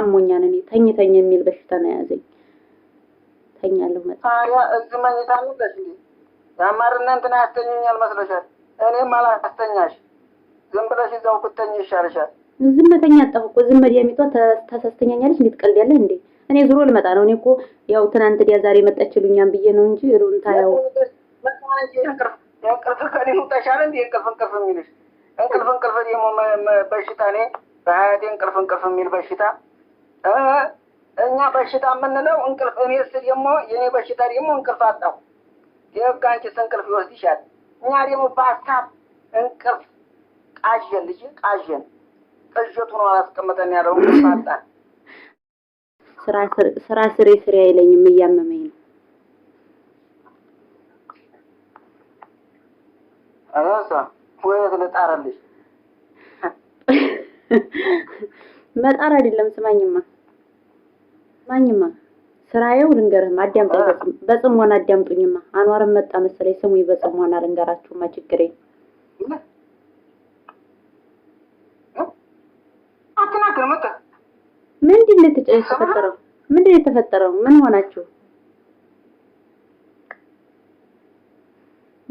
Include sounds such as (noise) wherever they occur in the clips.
አሞኛን እኔ ተኝ ተኝ የሚል በሽታ ነው የያዘኝ። ተኛለሁ መጣ እዚህ መኝታ ሙቀት የአማርና እንትን አያስተኙኛል መስለሻል? እኔም አላስተኛሽ፣ ዝም ብለሽ እዛው ኩተኝ ይሻልሻል። ዝም መተኛ አጣሁ እኮ ዝም መድያሚቷ ታሳስተኛኛለች። እንዴት ቀልድ ያለህ እንዴ? እኔ ዙሮ ልመጣ ነው። እኔ እኮ ያው ትናንት ዲያ ዛሬ መጣችሉኛም ብዬ ነው እንጂ ሩንታ ያው እንቅልፍ ከኔ ውጣሻል እንዴ? እንቅልፍ እንቅልፍ የሚልሽ እንቅልፍ እንቅልፍ ደግሞ በሽታ እኔ በሀያቴ እንቅልፍ እንቅልፍ የሚል በሽታ እኛ በሽታ የምንለው እንቅልፍ እኔ ስል ደግሞ የኔ በሽታ ደግሞ እንቅልፍ አጣሁ። የህግ አንቺስ እንቅልፍ ይሻል። እኛ ደግሞ በሀሳብ እንቅልፍ ቃዥን ልጅ ቃዥን ቅዥቱ ነው አላስቀመጠን ያለው እንቅልፍ አጣን። ስራ ስሬ ስሬ አይለኝም እያመመኝ ነው። አላሳ ወይስ ልጣራልሽ? መጣር አይደለም ስማኝማ አልገባኝማ። ስራዬው ልንገርህማ፣ አዳምጠኝ፣ በጽሞና አዳምጡኝማ። አኗርም መጣ መሰለኝ። ስሙኝ፣ በጽሞና ልንገራችሁማ ችግሬ ምንድን ነው የተፈጠረው? ምንድን ነው የተፈጠረው? ምን ሆናችሁ?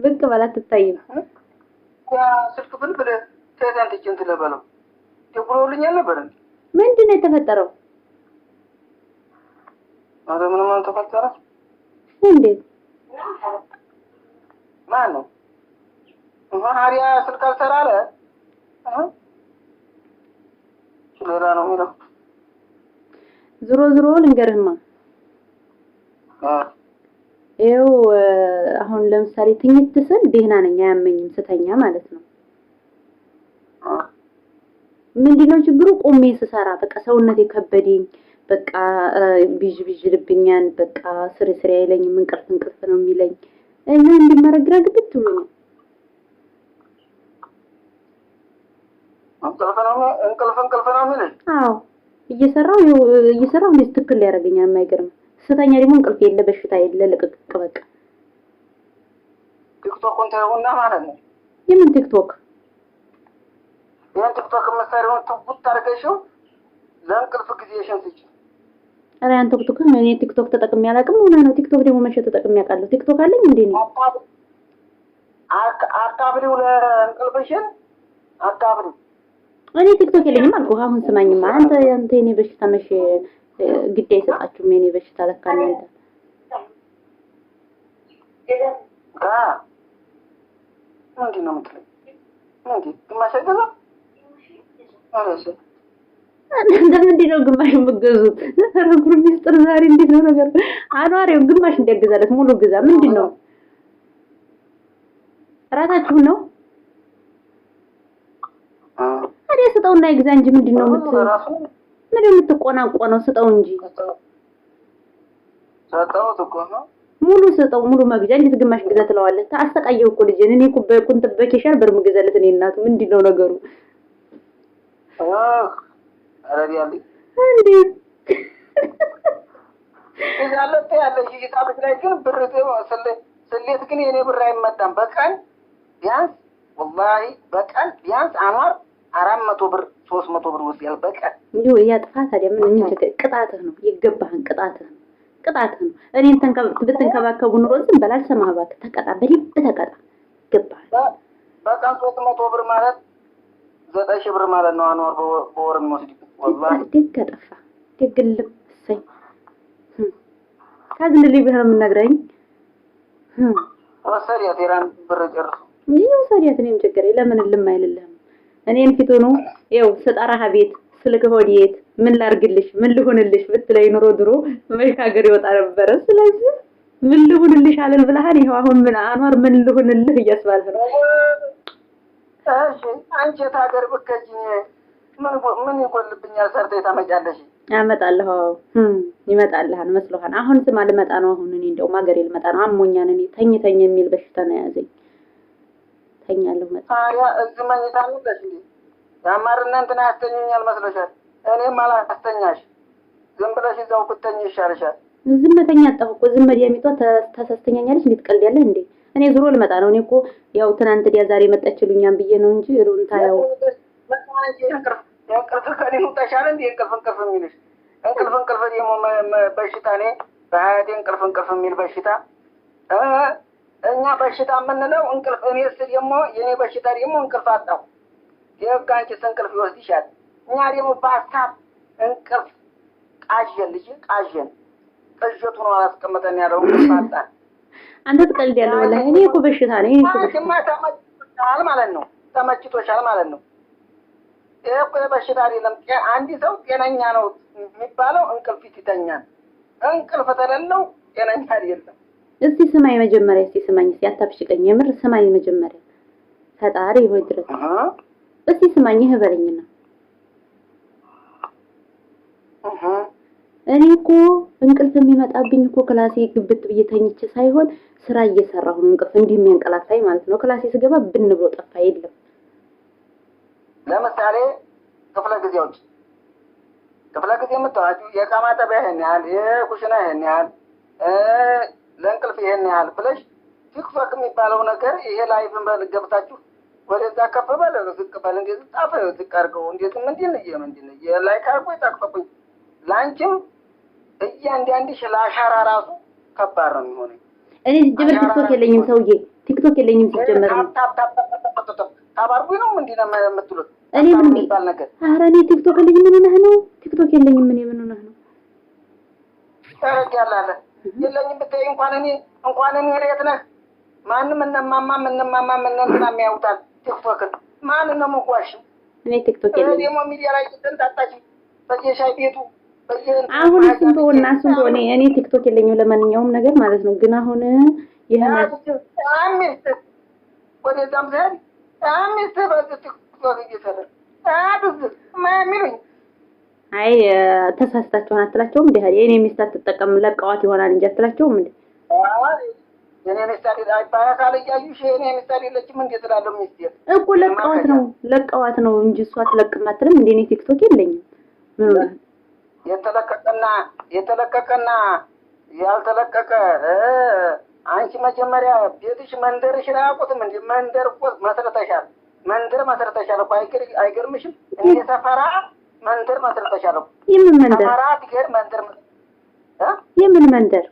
ብቅ በል አትታይም። ስልክ ብን ብለህ ትሄዳለች እንትን ትለበለው ደውለውልኝ አልነበረ? ምንድን ነው የተፈጠረው? አረ ምንም አልተፈጠረም። እንዴት ማን ነው ሀሪያ ስልክ አልሰራ አለ። ሌላ ነው የሚለው ዝሮ ዝሮ ልንገርህማ ይኸው አሁን ለምሳሌ ትኝት ስል ደህና ነኝ፣ አያመኝም ስተኛ ማለት ነው። ምንድነው ችግሩ? ቆሜ ስሰራ በቃ ሰውነቴ ከበደኝ። በቃ ቢዥ ቢዥ ልብኛን በቃ ስሬ አይለኝ አይለኝም፣ እንቅልፍ እንቅልፍ ነው የሚለኝ እና እንዲመረግ ግብት ነው ነው እንቅልፍ እንቅልፍ ነው የሚለኝ። አዎ እየሰራው እየሰራው ነው ትክክል ሊያደርገኛል። የማይገርም ስተኛ ደግሞ እንቅልፍ የለ በሽታ የለ ልቅቅ በቃ ቲክቶክ ተውና ማለት ነው። የምን ቲክቶክ ይህን ቲክቶክ የምትሰሪውን ትውት አድርገሽው ለእንቅልፍ ጊዜ ኧረ ያን ቲክቶክ እኔ ቲክቶክ ተጠቅሜ አላውቅም። ሆና ነው ቲክቶክ ደግሞ መቼ ተጠቅሜ አውቃለሁ? ቲክቶክ አለኝ እንዴ? ነው አካብሪው ለእንቅልፍሽን አካብሪው እኔ ቲክቶክ የለኝም አልኩ። አሁን ስማኝማ አንተ አንተ የኔ በሽታ መቼ ግድ አይሰጣችሁም። የኔ በሽታ ለካ አንተ ምንድን ነው የምትለኝ? ምንድን ማሸገዛ እናንተ ምንድን ነው ግማሽ የምገዙት? ረጉር ሚስጥር ዛሬ እንዴት ነው ነገር አኗሪው ግማሽ እንዲያገዛለት ሙሉ ግዛ። ምንድን ነው እራሳችሁን ነው ታዲያ ስጠውና ይግዛ እንጂ ምንድን ነው ምት ምን የምትቆናቆነው? ስጠው እንጂ ሙሉ ስጠው፣ ሙሉ መግዣ እንዴት ግማሽ ግዛ ትለዋለህ? አሰቃየው እኮ ልጄን። እኔ ኩበኩን ትበኪሻል ብር የምገዛለት እኔ እናት ምንድን ነው ነገሩ? ስሌት ግን የኔ ብር አይመጣም። በቀን ቢያንስ ወላሂ በቀን ቢያንስ አኗር አራት መቶ ብር ሶስት መቶ ብር ውስጥ በቀን እንዲሁ እያጥፋ ታዲያ ምን ምን ቅጣትህ ነው ይገባህን? ቅጣትህ ነው ቅጣትህ ነው። እኔን ብትንከባከቡ ኑሮ ዝም በላል ሰማህባት ተቀጣ፣ በልብ ተቀጣ። ይገባህ በቀን ሶስት መቶ ብር ማለት ዘጠኝ ሺህ ብር ማለት ነው። አኗር በወር የሚወስድ ደግ አጠፋ ደግ ልብ እሰይ ካዝን ልይ ብለህ ነው የምናግረኝ። ወሰሪያት የራን ብር ጨርሱ ወሰሪያት እኔም ለምን ልም አይልልህም? እኔን ፊት ሆኖ ይኸው ስጠራህ ቤት ስልክ ሆድየት ምን ላርግልሽ ምን ልሆንልሽ ብትለኝ ኑሮ ድሮ መሻገር ይወጣ ነበረ። ስለዚህ ምን ልሆንልሽ አለን ብለሃል። ይኸው አሁን ምን አኗር ምን ልሆንልህ እያስባልህ ነው። እሺ አንቺ የት ሀገር ብከጅኝ ምን ይጎልብኛል? ሰርተሽ ታመጫለሽ? አመጣለሁ። ይመጣልሃል መስሎሃል? አሁን ስማ፣ ልመጣ ነው። አሁን እኔ እንደውም ሀገሬ ልመጣ ነው። አሞኛን እኔ ተኝ ተኝ የሚል በሽታ ነው የያዘኝ። ተኛለሁ። መጣ እዚህ መኝታ ምለሽ እንዲ የአማርና እንትን ያስተኝኛል መስሎሻል? እኔም አላስተኛሽ። ዝም ብለሽ እዛው ብተኝ ይሻልሻል። ዝምተኛ አጣሁ እኮ ዝም መድያሚቷ ታሳስተኛኛለች። እንድትቀልድ ቀልዳለህ እንዴ? እኔ ዙሮ ልመጣ ነው። እኔ እኮ ያው ትናንት ዲያ ዛሬ መጣችሉኛም ብዬ ነው እንጂ ሩንታ ያው እንቅልፍ ከኔ ሙጣሻል እንዴ? እንቅልፍ እንቅልፍ የሚልሽ እንቅልፍ እንቅልፍ ደግሞ በሽታ ኔ በሀያቴ እንቅልፍ እንቅልፍ የሚል በሽታ እኛ በሽታ የምንለው እንቅልፍ። እኔ ስ ደግሞ የኔ በሽታ ደግሞ እንቅልፍ አጣሁ። የጋንጭስ እንቅልፍ ይወስድሻል። እኛ ደግሞ በሀሳብ እንቅልፍ ቃዥን ልጅ ቃዥን ጥዠቱ ነው አላስቀምጠን ያለው እንቅልፍ አጣን። አንተ ትቀልድ ያለው ወላሂ። እኔ እኮ በሽታ ነኝ ማለት ነው። ተመችቶሻል ማለት ነው ይሄ እኮ የበሽታ አይደለም። አንድ ሰው ጤነኛ ነው የሚባለው እንቅልፍ ይተኛል። እንቅልፍ ተለለው ጤነኛ አይደለም። እስቲ ስማኝ መጀመሪያ፣ እስቲ ስማኝ፣ እስቲ አታብሽቀኝ። የምር ስማኝ መጀመሪያ። ፈጣሪ ሆይ ድረስ እስቲ ስማኝ፣ ይህ በለኝና እኔ እኮ እንቅልፍ የሚመጣብኝ እኮ ክላሴ ግብት ብዬ ተኝቼ ሳይሆን ስራ እየሰራሁ ነው። እንቅልፍ እንዲህ የሚያንቀላፋኝ ማለት ነው። ክላሴ ስገባ ብን ብሎ ጠፋ የለም ለምሳሌ ክፍለ ጊዜዎች ክፍለ ጊዜ የምታዋቸው የእቃ ማጠቢያ ይሄን ያህል፣ የኩሽና ይሄን ያህል፣ ለእንቅልፍ ይሄን ያህል ብለሽ ቲክቶክ የሚባለው ነገር ይሄ ላይፍን በልገብታችሁ ወደዛ ከፍ በል ዝቅ በል እንዴ ጣፈ ዝቅ አድርገው እንዴት ምንድን ይ ምንድን ላይ ካርጎ ይጣቅፈቁኝ ለአንቺም እያንዳንድሽ ለአሻራ ራሱ ከባድ ነው የሚሆነ እኔ ጅምር ቲክቶክ የለኝም ሰውዬ ቲክቶክ የለኝም ሲጀመር ነው አባርቦኝ ነው እንዴ ነው የምትሉት? እኔ ምን የሚባል ነገር ኧረ እኔ ቲክቶክ ልኝ ምን ነህ ነው ቲክቶክ የለኝም። ምን ምን ነህ ነው ታረጋላለ የለኝም ብታይ እንኳን እኔ እንኳን እኔ ሬት ነህ ማንም እነማማ እነማማ እነንትና የሚያውጣል ቲክቶክን ማን ነው መጓሽ? እኔ ቲክቶክ የለኝም። እኔ ደግሞ ሚዲያ ላይ ተንጣጣች በየሻይ ቤቱ አሁን እሱን ተወና እሱን ተወኔ እኔ ቲክቶክ የለኝም ለማንኛውም ነገር ማለት ነው። ግን አሁን ይሄ ማለት አሚስት ወደ ዛም አይ ተሳስታችኋን አትላቸውም? እንደ የኔ ሚስት አትጠቀም ለቀዋት ይሆናል እንጂ አትላቸውም? እንደ የኔ ሚስት እኮ ለቀዋት ነው ለቀዋት ነው እንጂ እሷ አትለቅም አትልም። እንደ እኔ ቲክቶክ የለኝም ምን የተለቀቀና የተለቀቀና ያልተለቀቀ አንቺ መጀመሪያ ቤትሽ መንደርሽ ራቁትም እንዲ መንደር እኮ መስርተሻል። መንደር መስርተሻል እኮ አይገርምሽም? እንደ ሰፈራ መንደር መስርተሻል የምን መንደር ሰፈራ ቢገር መንደር የምን መንደር?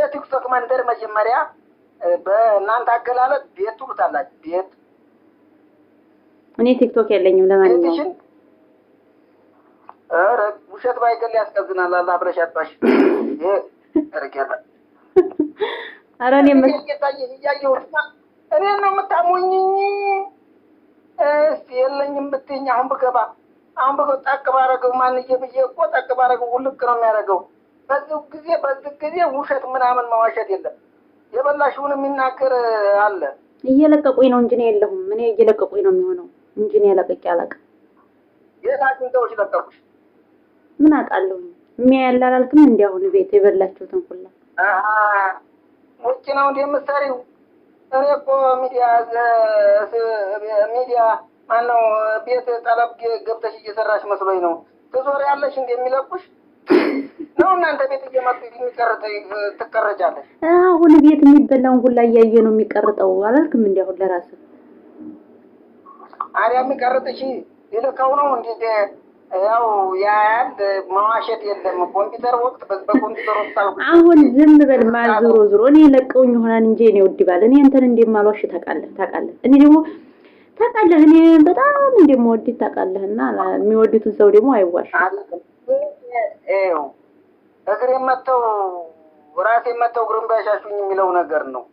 የቲክቶክ መንደር። መጀመሪያ በእናንተ አገላለጥ ቤት ትሉታላችሁ። ቤት እኔ ቲክቶክ የለኝም። ለማንኛውም ኧረ ውሸት ባይገል ያስቀዝናል። አብረሽ አጥባሽ (laughs) ይሄ ያደርጋል ኧረ እኔ ነው የምታሞኝ። እስኪ የለኝም ብትይኝ አሁን ብገባ አሁን ብገባ ጠቅ ባረገው ማንዬ ብዬ እኮ ጠቅ ባረገው ውልቅ ነው የሚያደርገው። በዚህ ጊዜ በዚህ ጊዜ ውሸት ምናምን መዋሸት የለም። የበላሽውን የሚናገር አለ። እየለቀቁኝ ነው እንጂ እኔ የለሁም። እኔ እየለቀቁኝ ነው የሚሆነው እንጂ እኔ ለቅቄ አላውቅም። የት አግኝተውሽ ለቀቁሽ? ምን አውቃለሁ። የሚያያል እንዲያሁን ቤት የበላችሁትን ሁላ ውጭ ነው እንደ የምትሰሪው? እኔ እኮ ሚዲያ ሚዲያ ማነው ቤት ጠለብ ገብተሽ እየሰራሽ መስሎኝ ነው። ትዞሪያለሽ እንዲ የሚለቁሽ ነው እናንተ ቤት እየመጡ የሚቀርጥ ትቀረጫለሽ። አሁን ቤት የሚበላውን ሁላ እያየ ነው የሚቀርጠው አላልክም? እንዲ አሁን ለራስ አሪያ የሚቀርጥ ሺ ይልከው ነው እንዲ ያው ያያል መዋሸት የለም። ኮምፒውተር በኮምፒውተር አሁን ዝም በል ዝሮ እኔ ለቀውኝ ይሆናል እንጂ እኔ እኔ አንተን እንደማልዋሽ ታውቃለህ ታውቃለህ እኔ ደግሞ ታውቃለህ እኔ በጣም እንደምወድ ታውቃለህ። እና የሚወዱትን ሰው ደግሞ አይዋሽ እግሬ መተው ራሴ መተው የሚለው ነገር ነው።